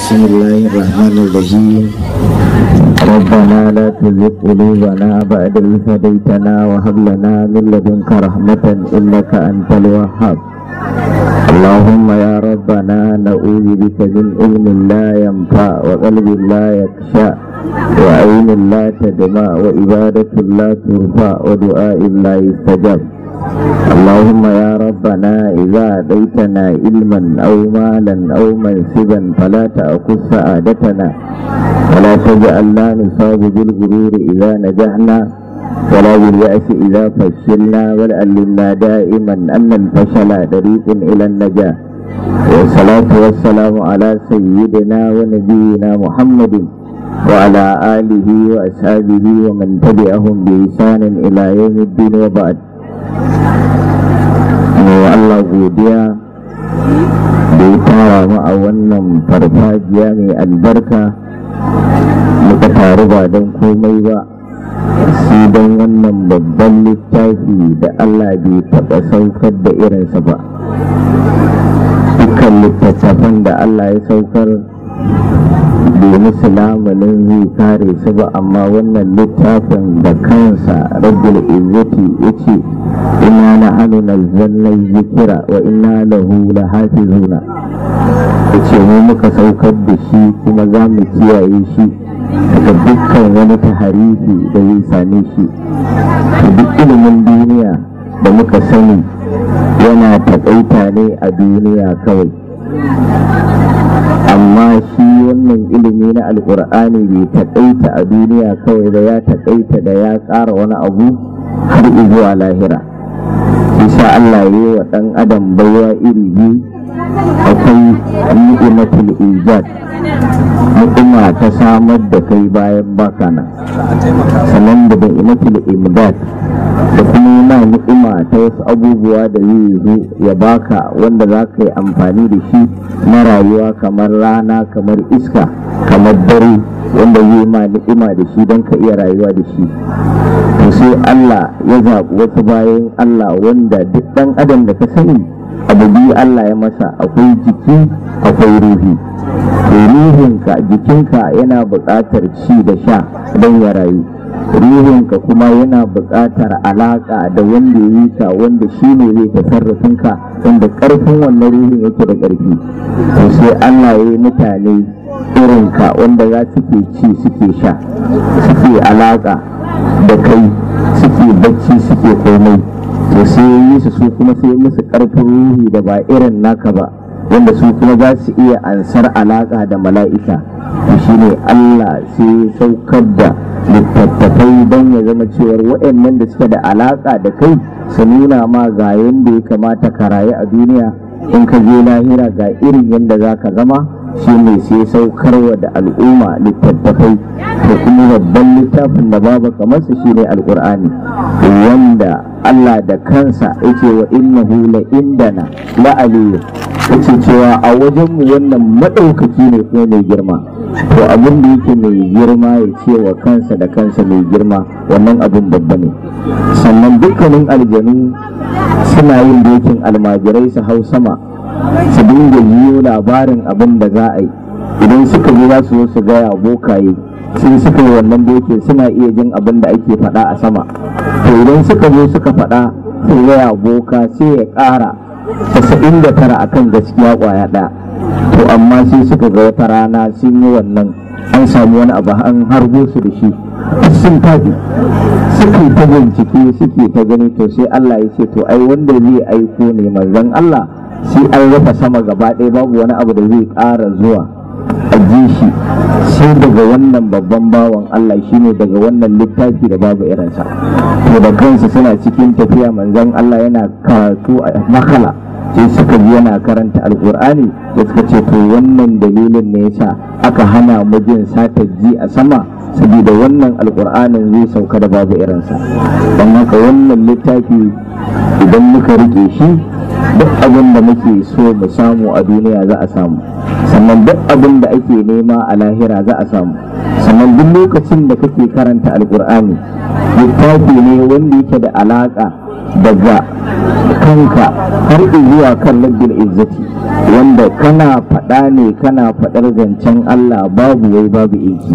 Bismillahirrahmanirrahim Rabbana la tuzigh qulubana ba'da idh hadaytana wa hab lana min ladunka rahmatan innaka antal wahhab Allahumma ya Rabbana na'udhu bika min ilmin la yanfa wa qalbin la yakhsha wa 'aynin la tadma wa ibadatin la turfa wa du'a'in la yustajab اللهم يا ربنا إذا أتيتنا علما أو مالا أو منصبا فلا تأقص سعادتنا ولا تجعلنا نصاب بالغرور إذا نجحنا ولا باليأس إذا فشلنا ولألمنا دائما أن الفشل طريق إلى النجاح والصلاة والسلام على سيدنا ونبينا محمد وعلى آله وأصحابه ومن تبعهم بإحسان إلى يوم الدين وبعد mai Allah godiya da ya tara mu a wannan farfajiya mai albarka muka taru ba don komai ba sai don wannan babban littafi da Allah bai taɓa saukar da irinsa ba dukkan littattafan da Allah ya saukar domin musu zai kare su ba amma wannan littafin da kansa rabbul izzati yace inna nahnu nazzalna zikira wa inna lahu lahafizuna yace mu muka saukar da shi kuma za mu kiyaye shi daga dukkan wani taharifi da zai same shi duk ilimin duniya da muka sani yana taƙaita ne a duniya kawai amma shi wannan ilimi na alkur'ani bai taƙaita a duniya kawai da ya taƙaita da ya ƙara wani abu har zuwa lahira isa allah ya yi wa ɗan adam baiwa iri biyu akwai ni'imatul ijad ni'ima ta samar da kai bayan baka nan sannan da ni'imatul imdad da kuma yana ni'ima ta wasu abubuwa da zai zo ya baka wanda za ka yi amfani da shi na rayuwa kamar rana kamar iska kamar dare wanda zai ma ni'ima da shi don ka iya rayuwa da shi to sai Allah ya zaɓi wasu bayan Allah wanda duk ɗan adam da ka sani abu biyu Allah ya masa akwai jiki akwai ruhi ruhinka jikinka yana buƙatar ci da sha don ya rayu ruhinka kuma yana buƙatar alaƙa da wanda ya yi ka wanda shi ne zai ka wanda ƙarfin wannan ruhin yake da ƙarfi to sai Allah ya yi mutane irinka wanda za suke ci suke sha suke alaƙa da kai suke bacci suke komai to sai ya yi su su kuma sai musu karfin ruhi da ba irin naka ba wanda su kuma za su iya ansar alaka da mala'ika to shine Allah sai saukar da littattafai don ya zama cewar waɗannan da suke da alaka da kai su nuna ma ga yadda ya kamata ka rayu a duniya in ka je lahira ga irin yadda za ka zama shi ne sai saukarwa da al'umma littattafai to kuma babban littafin da babu kamar su shine alkur'ani wanda Allah da kansa yake wa innahu la indana la aliyu yace cewa a wajen mu wannan madaukaki ne kuma mai girma to abin da yake mai girma ya ce wa kansa da kansa mai girma wannan abin babba ne sannan dukkanin aljanu suna yin dokin almajirai su hau sama su dinga yiwo labarin abin da za a yi idan suka zo za su zo su gaya bokaye sun suka yi wannan dokin suna iya jin abin da ake faɗa a sama to idan suka zo suka faɗa sun yaya boka sai ya ƙara sassaɓin da tara kan gaskiya kwaya ɗaya to amma sai suka ga wata rana sun yi wannan an samu wani abu an harbo su da shi sun tafi suke ta bincike suke ta gani to sai Allah ya ce to ai wanda zai aiko ne manzon Allah sai an rufa sama gaba ɗaya babu wani abu da zai ƙara zuwa a ji shi sai daga wannan babban bawan Allah shine daga wannan littafi da babu irinsa to da kansu suna cikin tafiya manzon Allah yana karatu a makala sai suka ji yana karanta alkur'ani da suka ce to wannan dalilin ne yasa aka hana mu jin sata ji a sama saboda wannan alkur'anin zai sauka da babu irinsa don haka wannan littafi idan muka rike shi duk abin da muke so mu samu a duniya za a samu sannan duk abin da ake nema a lahira za a samu sannan duk lokacin da kake karanta alkur'ani littafi ne wanda yake da alaƙa daga kanka har zuwa kan lardin izzati wanda kana faɗa ne kana faɗar zancen Allah babu wai babu inki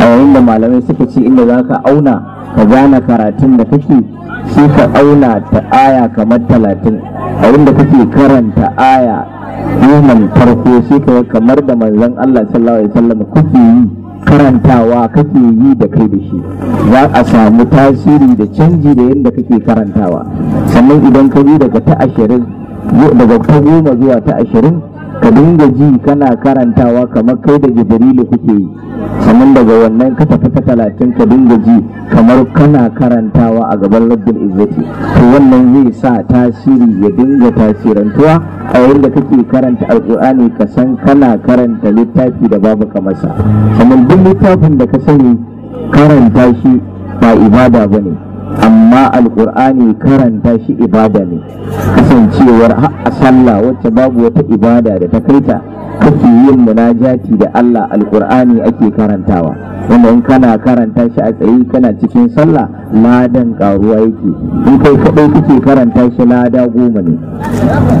a yayin da malamai suka ce inda za ka auna ka gane karatun da kake sai ka auna ta aya kamar talatin a da kake karanta aya goman farko sai ka kamar da manzon Allah sallallahu alaihi wasallam kuke yi karantawa kake yi da kai da shi za a samu tasiri da canji da yadda kake karantawa sannan idan ka bi daga ta ashirin daga ta goma zuwa ta ashirin ka dinga ji kana karantawa kamar kai da jibrilu kuke yi sannan daga wannan ka tafi ta talatin ka dinga ji kamar kana karantawa a gaban rabbul izzati to wannan zai sa tasiri ya dinga tasirantuwa a yadda kake karanta alqur'ani ka san kana karanta littafi da babu kamarsa sannan duk littafin da ka sani karanta shi ba ibada bane amma alkur'ani karanta shi ibada ne kasancewar a sallah wacce babu wata ibada da ta kaita kake yin munajati da Allah alkur'ani ake karantawa wanda in kana karanta shi a tsaye kana cikin sallah ladan karuwa yake in kai kaɗai kake karanta shi lada goma ne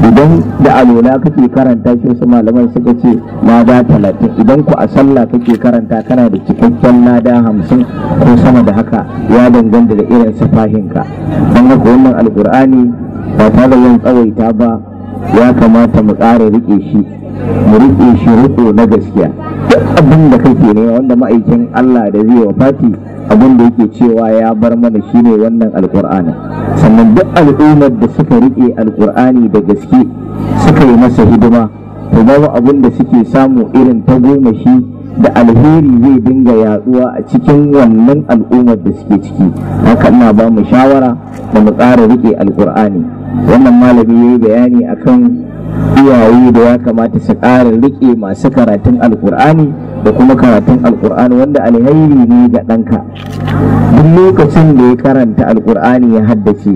idan da alola kake karanta shi wasu malaman suka ce lada talatin idan ku a sallah kake karanta kana da cikakken lada hamsin ko sama da haka ya danganta da irin safahinka don haka wannan alkur'ani ba tare da yin tsawaita ba ya kamata mu ƙara riƙe shi mu riƙe shi riƙe na gaskiya duk abin da kake ne wanda ma'aikin Allah da zai wa fati abin da yake cewa ya bar mana shine wannan alƙur'ani sannan duk al'ummar da suka riƙe alƙur'ani da gaske suka yi masa hidima to babu abin da suke samu irin ta goma shi da alheri zai dinga yaduwa a cikin wannan al'ummar da suke ciki haka ina ba mu shawara da mu tsara riƙe alƙur'ani wannan malami ya yi bayani akan iyaye da ya kamata su ƙara riƙe masu karatun alƙur'ani da kuma karatun alƙur'ani wanda alhairi ne ga ɗanka duk lokacin da ya karanta alƙur'ani ya haddace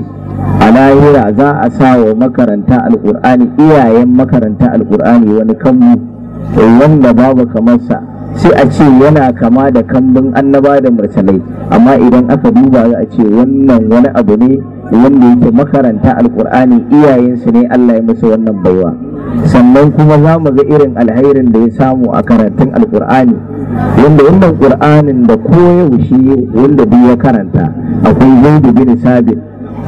a lahira za a sa wa makaranta alƙur'ani iyayen makaranta alƙur'ani wani kambu wanda babu kamarsa sai a ce yana kama da kambun annaba da mursalai amma idan aka duba za a ce wannan wani abu ne wanda yake makaranta alkur'ani iyayensu ne Allah ya musu wannan baiwa sannan kuma za mu ga irin alhairin da ya samu a karatun alkur'ani wanda wannan ƙur'anin da koyaushe wanda biyu ya karanta akwai zaidu bin sabit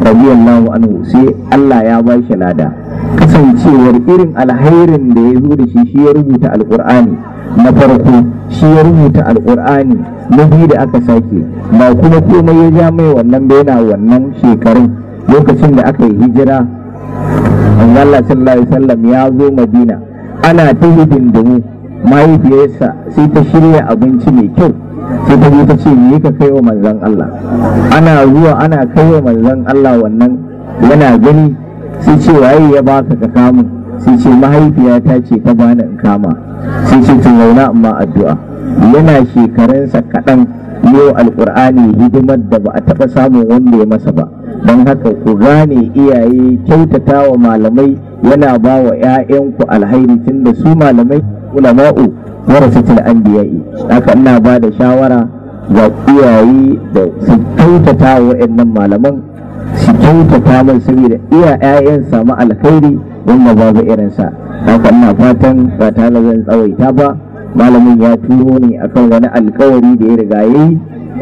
radiyallahu anhu sai Allah ya ba shi lada kasancewar irin alhairin da ya zo da shi shi ya rubuta alkur'ani na farko shi ya rubuta alkur'ani na biyu da aka sake ba kuma komai ya ja mai wannan yana wannan shekarun lokacin da aka yi hijira Allah sallallahu alaihi wasallam ya zo Madina ana ta mu. mahaifiyarsa sai ta shirya abinci mai kyau sai ta ta ce me ka kai wa manzon Allah ana zuwa ana kai wa manzon Allah wannan yana gani sai ce waye ya baka ka kamu sai ce mahaifiyata ce ta bani in kama sai ce tun zauna amma addu'a yana shekarunsa kaɗan yau alƙur'ani hidimar da ba a taɓa samun wanda ya masa ba don haka ku gane iyaye kyautata wa malamai yana ba wa 'ya'yanku alhairi tun da su malamai ulama'u warasatul anbiya'i haka ina ba da shawara ga iyaye da su kyautata waɗannan malaman su kyautata mai saboda iya 'ya'yan samu alkhairi wanda babu irinsa haka ina fatan ba tare zan tsawaita ba malamin ya turo ne akan wani alkawari da ya riga yayi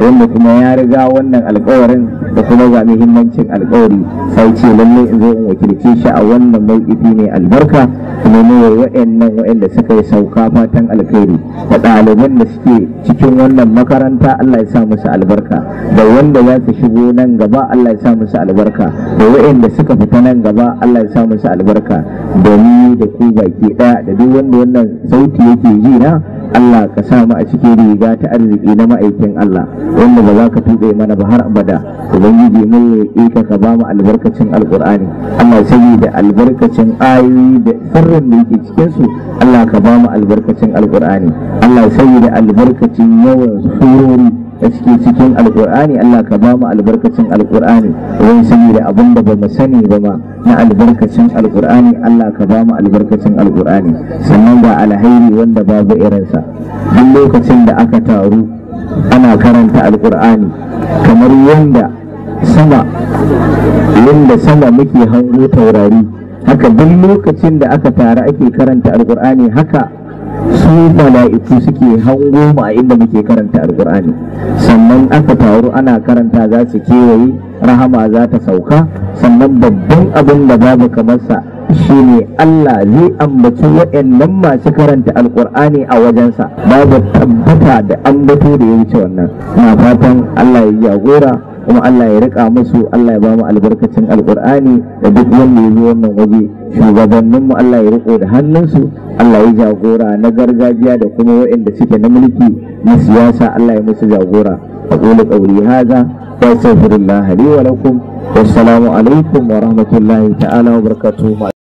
wanda kuma ya riga wannan alkawarin da kuma ga muhimmancin alkawari sai ce lalle in zo in wakilce shi a wannan mawkifi ne albarka kuma ne waɗannan waɗanda suka yi sauka fatan alkhairi da ɗaliban da suke cikin wannan makaranta Allah ya sa musu albarka da wanda za su shigo nan gaba Allah ya sa musu albarka da waɗanda suka fita nan gaba Allah ya sa musu albarka da ni da ku baki ɗaya da duk wanda wannan sauti yake ji na Allah ka sa mu a cikin riga ta arziki na ma'aikin Allah wanda ba za ka tuɗe mana ba har abada ubangiji mun roƙe ka ka ba mu albarkacin alqur'ani Allah da albarkacin ayoyi da sirrin da yake cikin su Allah ka ba mu albarkacin alqur'ani Allah da albarkacin yawan surori da suke cikin alkur'ani Allah ka ba mu albarkacin alkur'ani wai saboda abin da bamu sani ba ma na albarkacin alkur'ani Allah ka ba mu albarkacin alkur'ani sannan ga alhairi wanda babu irinsa duk lokacin da aka taru ana karanta alkur'ani kamar yanda sama yanda sama muke hango taurari haka duk lokacin da aka taru ake karanta alkur'ani haka su mala'iku suke hango ma a inda muke karanta alkur'ani sannan aka taru ana karanta za su kewaye rahama za ta sauka sannan babban abin da babu kamarsa shine Allah zai ambaci waɗannan masu karanta alkur'ani a wajensa babu tabbata da ambato da ya wuce wannan na fatan Allah ya jagora kuma Allah ya rika musu Allah ya ba mu albarkacin alkur'ani da duk wanda ya zo wannan waje shugabanninmu Allah ya riko da hannunsu Allah ya jagora na gargajiya da kuma waɗanda suke na mulki na siyasa Allah ya musu jagora a ƙoli ƙauri haza wa astaghfirullah lahari wa lakum wassalamu alaikum wa rahmatullahi ta'ala wa barakatuhu